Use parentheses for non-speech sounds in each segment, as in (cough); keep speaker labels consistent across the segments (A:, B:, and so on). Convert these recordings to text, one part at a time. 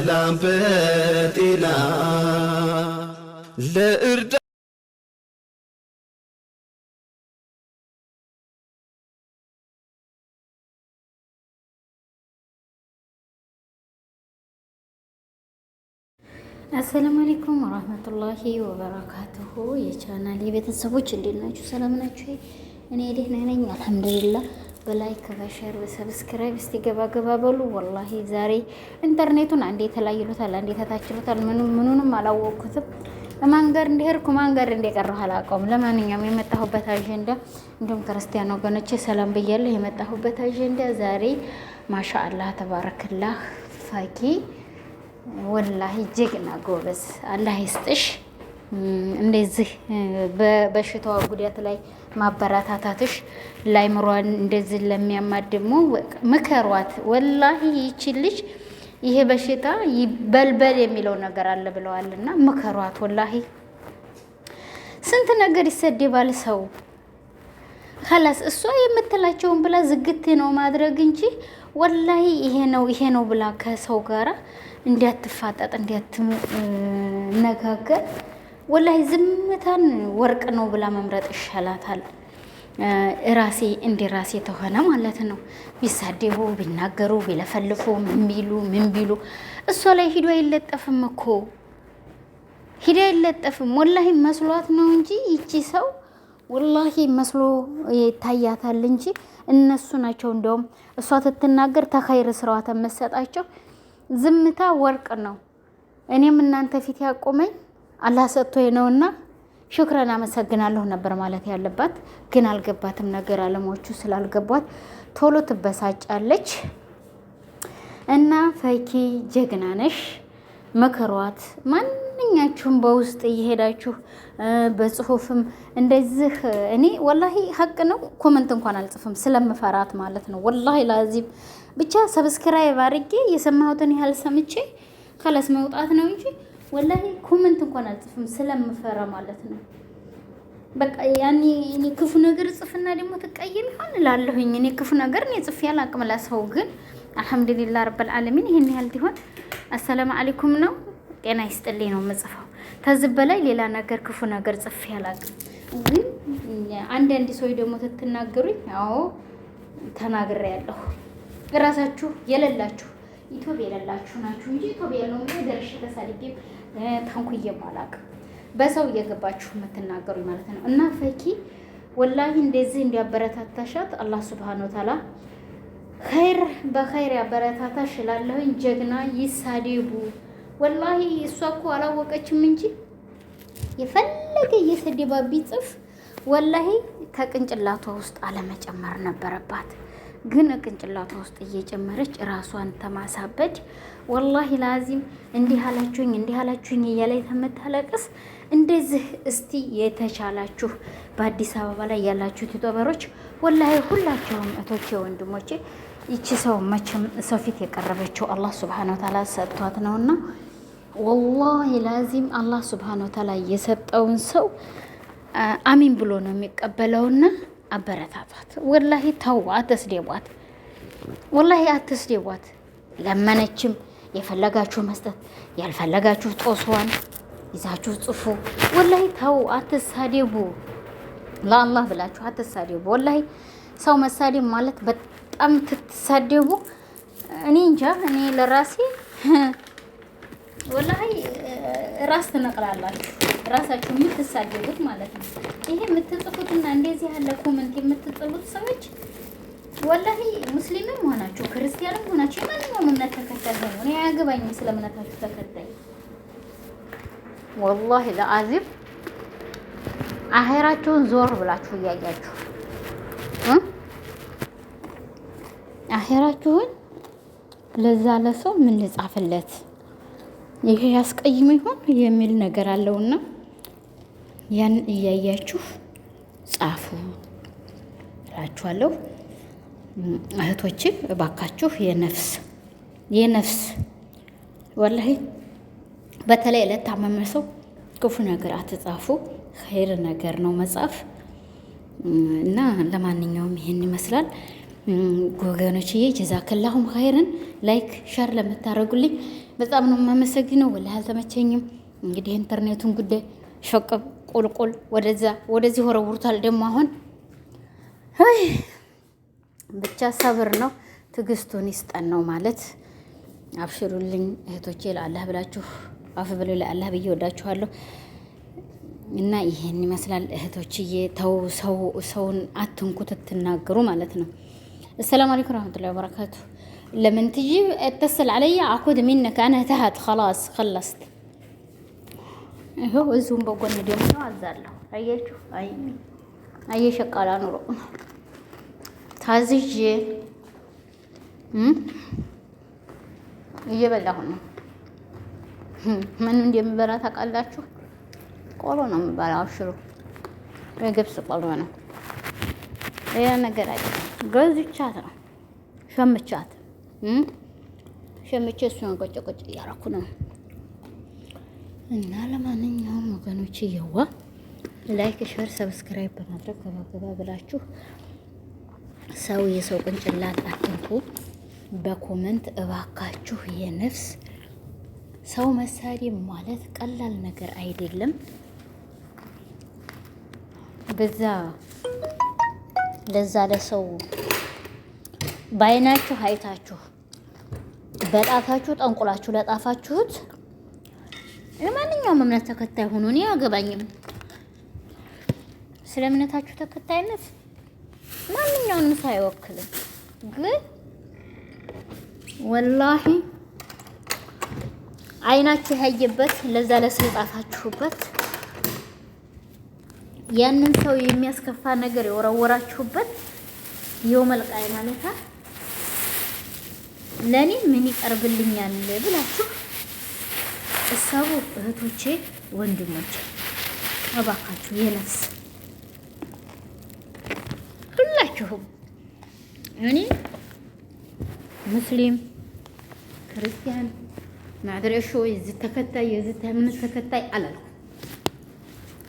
A: በሰላም በጤና
B: ለእርዳ አሰላሙ አለይኩም ወራህመቱላሂ ወበረካቱሁ የቻናል የቤተሰቦች እንዴት ናችሁ? ሰላም ናችሁ? እኔ ደህና ነኝ፣ አልሐምዱሊላህ በላይክ በሸር በሰብስክራይብ እስቲ ገባ ገባ በሉ። ወላሂ ዛሬ ኢንተርኔቱን አንዴ ተላይ አንዴ ተታች ይሉታል። ምኑ ምኑንም አላወቅኩትም። ማን እንደሄድኩ ማን እንደቀረሁ አላውቀውም። ለማንኛውም የመጣሁበት አጀንዳ እንዲሁም ክርስቲያን ወገኖቼ ሰላም ብያለሁ። የመጣሁበት አጀንዳ ዛሬ ማሻአላህ ተባረክላህ ፈኪ፣ ወላሂ ጀግና ጎበዝ፣ አላህ ይስጥሽ። እንደዚህ በሽታዋ ጉዳት ላይ ማበረታታትሽ ላይምሯን እንደዚህ ለሚያማት ደግሞ ምከሯት። ወላሂ ይቺ ልጅ ይሄ በሽታ ይበልበል የሚለው ነገር አለ ብለዋል እና ምከሯት። ወላሂ ስንት ነገር ይሰደባል ሰው ከላስ እሷ የምትላቸውን ብላ ዝግት ነው ማድረግ እንጂ ወላሂ ይሄ ነው ይሄ ነው ብላ ከሰው ጋራ እንዲያትፋጠጥ እንዲያትነጋገር ወላሂ ዝምታን ወርቅ ነው ብላ መምረጥ ይሻላታል። ራሴ እንደ ራሴ ተሆነ ማለት ነው። ቢሳደቡ፣ ቢናገሩ፣ ቢለፈልፉ ምን ቢሉ ምን ቢሉ እሷ ላይ ሂዶ አይለጠፍም እኮ ሂዶ አይለጠፍም። ወላሂ መስሏት ነው እንጂ ይቺ ሰው ወላሂ መስሎ ይታያታል እንጂ እነሱ ናቸው እንደውም እሷ ትትናገር ተኸይር ስራዋ ተመሰጣቸው። ዝምታ ወርቅ ነው። እኔም እናንተ ፊት ያቆመኝ አላህ ሰጥቶ ነውና ሹክረን አመሰግናለሁ ነበር ማለት ያለባት፣ ግን አልገባትም። ነገር አለሞቹ ስላልገቧት ቶሎ ትበሳጫለች። እና ፈኪ ጀግና ነሽ፣ መከሯት። ማንኛችሁም በውስጥ እየሄዳችሁ በጽሁፍም እንደዚህ እኔ ወላሂ ሀቅ ነው፣ ኮመንት እንኳን አልጽፍም ስለምፈራት ማለት ነው። ወላሂ ላዚም ብቻ ሰብስክራይብ አድርጌ የሰማሁትን ያህል ሰምቼ ከለስ መውጣት ነው እንጂ ወላሂ ኮመንት እንኳን አልጽፍም ስለምፈራ ማለት ነው። በቃ ያኔ እኔ ክፉ ነገር ጽፍና ደግሞ ትቀየም ይሆን እላለሁኝ። እኔ ክፉ ነገር እኔ ጽፌ አላቅም ለሰው ግን አልሐምዱሊላህ ረብል ዓለሚን ይሄን ያህል ቢሆን አሰላም አለይኩም ነው። ጤና ይስጥልኝ ነው የምጽፈው። ከዚህ በላይ ሌላ ነገር ክፉ ነገር ጽፌ አላቅም። ግን አንዳንድ ሰው ደግሞ ትትናገሩኝ፣ አዎ ተናግሬ እራሳችሁ የሌላችሁ ኢትዮጵያ የሌላችሁ ናችሁ እንጂ ኢትዮጵያ ያለው አላውቅም። በሰው እየገባችሁ የምትናገሩ ማለት ነው። እና ፈኪ ወላሂ እንደዚህ እንዲያበረታታሻት አላህ ስብሃነ ወተዓላ ኸይር በኸይር ያበረታታሽ እላለሁኝ። ጀግና ወላሂ እሷ እኮ አላወቀችም እንጂ የፈለገ እየሰደባ ቢጽፍ ወላሂ ከቅንጭላቷ ውስጥ አለመጨመር ነበረባት። ግን ቅንጭላቷ ውስጥ እየጨመረች ራሷን ተማሳበድ። ወላሂ ላዚም እንዲህ አላችሁኝ እንዲህ አላችሁኝ እያላይ ተመታለቅስ እንደዚህ እስቲ የተቻላችሁ በአዲስ አበባ ላይ ያላችሁ ዩቱበሮች ወላሂ ሁላቸውም እቶቼ ወንድሞቼ፣ ይቺ ሰው መቼም ሰው ፊት የቀረበችው አላህ ስብሓነ ወተዓላ ሰጥቷት ነውና ወላሂ ላዚም አላህ ስብሓነ ወተዓላ የሰጠውን ሰው አሚን ብሎ ነው የሚቀበለውና አበረታቷት። ወላሂ ተው፣ አትስደቧት። ወላሂ አትስደቧት። ለመነችም የፈለጋችሁ መስጠት፣ ያልፈለጋችሁ ጦስዋን ይዛችሁ ጽፉ። ወላሂ ተው፣ አትሳደቡ። ለአላህ ብላችሁ አትሳደቡ። ወላሂ ሰው መሳደብ ማለት በጣም ትትሳደቡ። እኔ እንጃ፣ እኔ ለራሴ (laughs) ወላሂ ራስ ትነቅላላችሁ። ራሳችሁ የምትሳደቡት ማለት ነው። ይሄ የምትጽፉትና እንደዚህ ያለ ኮመንት የምትጥሉት ሰዎች ወላሂ ሙስሊምም ሆናችሁ ክርስቲያንም ሆናችሁ የማንኛውም እምነት ተከታይ ሆኑ እኔ አያገባኝም ስለ እምነታችሁ ተከታይ ወላሂ ለአዚም አሄራችሁን ዞር ብላችሁ እያያችሁ አሄራችሁን ለዛ ለሰው ምን ልጻፍለት ይሄ ያስቀይም ይሆን የሚል ነገር አለውና ያን እያያችሁ ጻፉ እላችኋለሁ። እህቶች እባካችሁ የነፍስ የነፍስ ወላሂ በተለይ ለታመመ ሰው ክፉ ነገር አትጻፉ። ኸይር ነገር ነው መጻፍ እና ለማንኛውም ይሄን ይመስላል ጎገኖችዬ። ጀዛከላሁም ኸይርን ላይክ፣ ሸር ለምታደርጉልኝ በጣም ነው የማመሰግነው። ወላሂ አልተመቸኝም። እንግዲህ ኢንተርኔቱን ጉዳይ ሸቀብ ቁልቁል ወደዛ ወደዚህ ወረውሩታል። ደግሞ አሁን ብቻ ሰብር ነው፣ ትዕግስቱን ይስጠን ነው ማለት። አብሽሩልኝ እህቶቼ፣ ለአላህ ብላችሁ አፍ ብሎ ለአላህ ብዬ ወዳችኋለሁ። እና ይሄን ይመስላል እህቶችዬ። ተው ሰው ሰውን አትንኩት፣ ትናገሩ ማለት ነው። አሰላሙ አለይኩም ረህመቱላሂ ወበረካቱ። ለምን ትጂ እተስል አለያ አኩድ ሚነከ አነ ተሃት ኸላስ ኸለስት ይኸው እዚሁም በጎን ደግሞ አዛለሁ። አያችሁ፣ አይ አየሸቃላ ኑሮ ታዝዤ እየበላሁ ነው። ምን እንደምበላ ታውቃላችሁ? ቆሎ ነው የምበላው። ሽሮ የገብስ ቆሎ ነው። ሌላ ነገር አይ ገዝቻት ነው ሸምቻት ሸምቼ እሱን ቆጭ ቆጭ እያደረኩ ነው። እና ለማንኛውም ወገኖች እየዋ ላይክ፣ ሸር፣ ሰብስክራይብ በማድረግ ገባገባ ብላችሁ ሰው የሰው ቅንጭላት አትንኩ። በኮመንት እባካችሁ የነፍስ ሰው መሳሪያ ማለት ቀላል ነገር አይደለም። በዛ ለዛ ለሰው በአይናችሁ አይታችሁ በጣታችሁ ጠንቁላችሁ ለጣፋችሁት ማንኛውም እምነት ተከታይ ሆኖ እኔ አገባኝም? ስለ እምነታችሁ ተከታይነት ማንኛውንም ሰው አይወክልም። ግን ወላሂ አይናችሁ ያየበት ለዛ ለስልጣታችሁበት ያንን ሰው የሚያስከፋ ነገር የወረወራችሁበት የውመልቃይ ማለታ ለእኔ ምን ይቀርብልኛል ብላችሁ እሰቡ እህቶቼ፣ ወንድሞቼ እባካችሁ የነፍስ ሁላችሁም እኔ ሙስሊም ክርስቲያን ማድረሾ የዚህ ተከታይ የዚህ እምነት ተከታይ አላልኩም።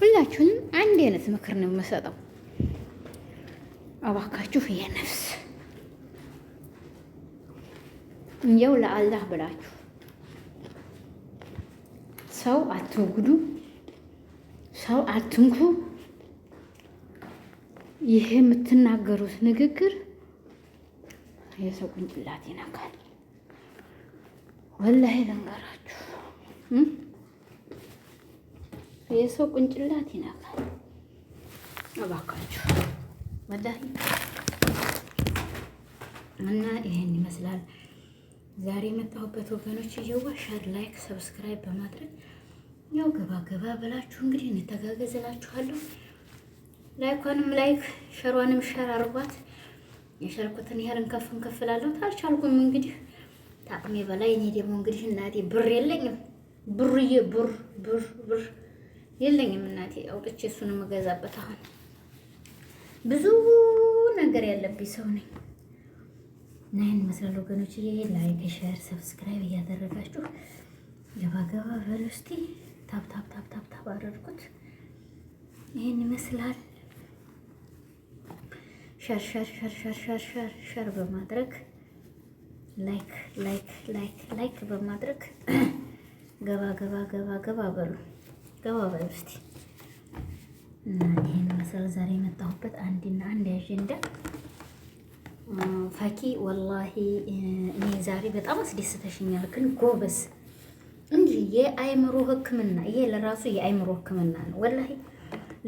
B: ሁላችሁንም አንድ አይነት ምክር ነው የምሰጠው። እባካችሁ የነፍስ እንዲያው ለአላህ ብላችሁ ሰው አትውጉዱ፣ ሰው አትንኩ። ይሄ የምትናገሩት ንግግር የሰው ቁንጭላት ይነካል። ወላሂ ልንገራችሁ፣ የሰው ቁንጭላት ይነካል። እባካችሁ ወላሂ እና ይሄን ይመስላል ዛሬ የመጣሁበት ወገኖች። እየዋ ሸር፣ ላይክ፣ ሰብስክራይብ በማድረግ ያው ገባ ገባ ብላችሁ እንግዲህ እንተጋገዝላችኋለሁ እላችኋለሁ። ላይኳንም ላይክ ሸሯንም ሸር አርጓት። የሸርኩትን ያህልን ከፍ እንከፍላለሁ። ታልቻልኩም እንግዲህ ታቅሜ በላይ እኔ ደግሞ እንግዲህ እናቴ ብር የለኝም፣ ብርዬ ብር ብር ብር የለኝም እናቴ። አውጥቼ እሱን የምገዛበት አሁን ብዙ ነገር ያለብኝ ሰው ነኝ። ናይን መስላል ወገኖች፣ ላይክ ሸር ሰብስክራይብ እያደረጋችሁ ገባ ገባ በሉ እስቲ። ታብ ታብ ታብ ታብ ታብ አደረኩት። ይሄን ይመስላል። ሸር ሸር ሸር ሸር ሸር ሸር ሸር በማድረግ ላይክ ላይክ ላይክ ላይክ በማድረግ (clears throat) ገባ ገባ ገባ ገባ በሉ ገባ በሉ እስቲ እና ይህን መሰል ዛሬ የመጣሁበት አንድና አንድ አጀንዳ ፈኪ፣ ወላሂ እኔ ዛሬ በጣም አስደስተሽኛል፣ ግን ጎበዝ እንጂ የአእምሮ ሕክምና ይሄ ለራሱ የአእምሮ ሕክምና ነው። ወላሂ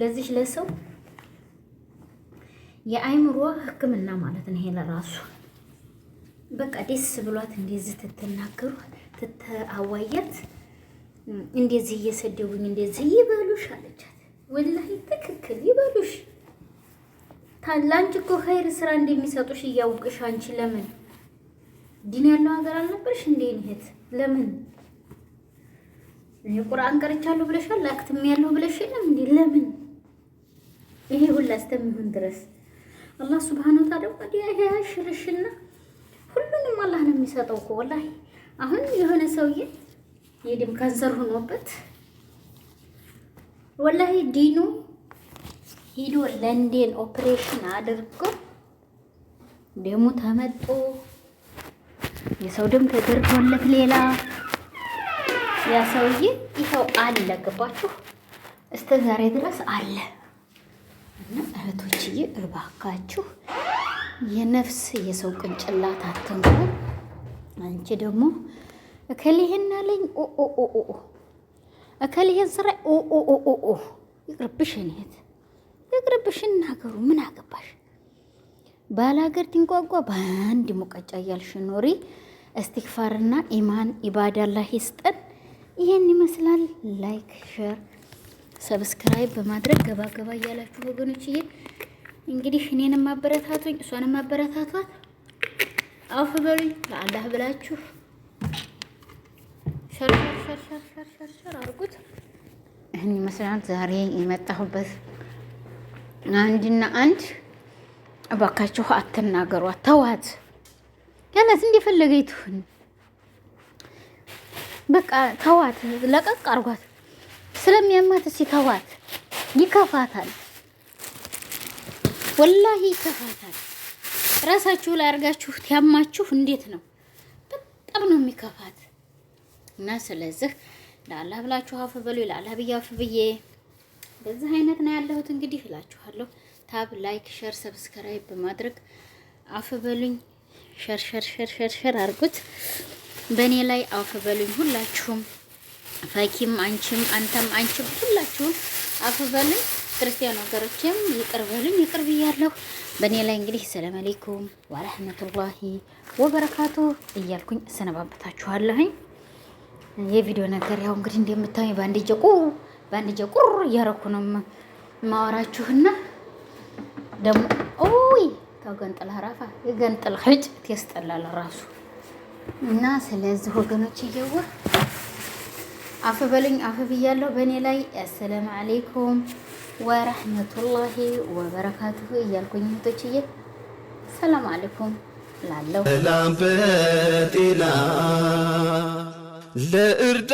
B: ለዚህ ለሰው የአእምሮ ሕክምና ማለት ነው። ይሄ ለራሱ በቃ ደስ ብሏት እንደዚህ ትትናገሩ ትተአዋያት እንደዚህ እየሰደቡኝ እንደዚህ ይበሉሽ አለቻት። ወላሂ ትክክል ይበሉሽ። ታላንቺ እኮ ኸይር ስራ እንደሚሰጡሽ እያውቅሽ አንቺ ለምን ዲን ያለው ሀገር አልነበርሽ እንዴ? ለምን ቁርአን ቀርቻለሁ ብለሻል፣ ላክትም ያለሁ ብለሽልም እንዴ? ለምን ይሄ ሁላ እስከሚሆን ድረስ አላህ ሱብሃነሁ ወተዓላ ወዲ ሽርሽና ሁሉንም አላህ ነው የሚሰጠው እኮ ወላሂ። አሁን የሆነ ሰውዬ የደም ካንሰር ሆኖበት ወላሂ ዲኑ ሂዶ ለንደን ኦፕሬሽን አድርጎ ደሙ ተመጦ የሰው ደም ተደርጎለት ሌላ ያ ሰውዬ ይኸው አለ። ገባችሁ? እስከ ዛሬ ድረስ አለ እና እህቶችዬ እባካችሁ የነፍስ የሰው ቅንጭላት አትንኩ። አንቺ ደግሞ እከሊህን አለኝ እከሊህን ስራ ይቅርብሽ፣ እኔት ይቅርብሽ። እናገሩ ምን አገባሽ? ባላገር ድንጓጓ በአንድ ሙቀጫ እያልሽ ኖሪ። እስትክፋርና ኢማን ኢባዳላ ሂስጠን ይህን ይመስላል። ላይክ፣ ሸር፣ ሰብስክራይብ በማድረግ ገባ ገባ እያላችሁ ይሄ እንግዲህ እኔንም ማበረታቱኝ እሷንም ማበረታቷት አውፍ በሉኝ ለአላህ ብላችሁ ሸርሸርሸርሸርሸርሸር አድርጉት። ይህን ይመስላል ዛሬ የመጣሁበት አንድና አንድ እባካችሁ አትናገሯት፣ ተዋት። ያላት እንደፈለገ ይትሁን። በቃ ተዋት፣ ለቀቅ አርጓት። ስለሚያማት እስኪ ተዋት። ይከፋታል፣ ወላሂ ይከፋታል። ራሳችሁ ላይ አርጋችሁ ያማችሁ እንዴት ነው? በጣም ነው የሚከፋት። እና ስለዚህ ለአላህ ብላችሁ አፍ በሉ። ለአላህ ብዬ አፍ ብዬ በዚህ አይነት ነው ያለሁት። እንግዲህ እላችኋለሁ ታብ፣ ላይክ፣ ሸር፣ ሰብስክራይብ በማድረግ አፍ በሉኝ። ሸር ሸር ሸር ሸር ሸር አርጉት። በእኔ ላይ አፍ በሉኝ ሁላችሁም፣ ፈኪም፣ አንቺም፣ አንተም፣ አንቺም ሁላችሁም አፍ በሉኝ። ክርስቲያን ወገሮችም ይቅር በሉኝ፣ ይቅር ብያለሁ። በእኔ ላይ እንግዲህ ሰላም አሌይኩም ወራህመቱላሂ ወበረካቱ እያልኩኝ እሰነባበታችኋለሁኝ። የቪዲዮ ነገር ያው እንግዲህ እንደምታዩ በአንድ እጄ ቁር በአንድ እጄ ቁር እያረኩ ነው ማወራችሁና ደግሞ ኦይ ተገንጥል አራፋ የገንጥል ህጭ ያስጠላል ራሱ እና ስለዚህ ወገኖች እየወ አፍ በሉኝ አፍ ብያለሁ በእኔ ላይ። አሰላሙ አለይኩም ወረህመቱላሂ ወበረካቱሁ እያልኩኝ እህቶችዬ ሰላም አሌይኩም ላለሁ ላምበጤላ ለእርዳ